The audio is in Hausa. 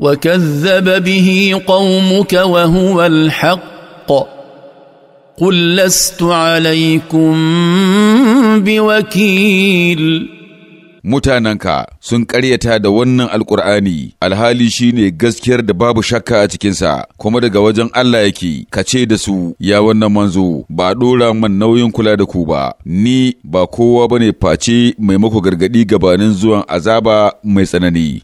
وكذب به قومك وهو الحق قل لست عليكم بوكيل mutanenka sun ƙaryata da wannan Alƙur'ani alhali shine gaskiyar da babu shakka a cikinsa kuma daga wajen Allah yake ka ce da su ya wannan manzo ba ɗora man nauyin kula da ku ba ni ba kowa bane face maimako gargaɗi gabanin zuwan azaba mai tsanani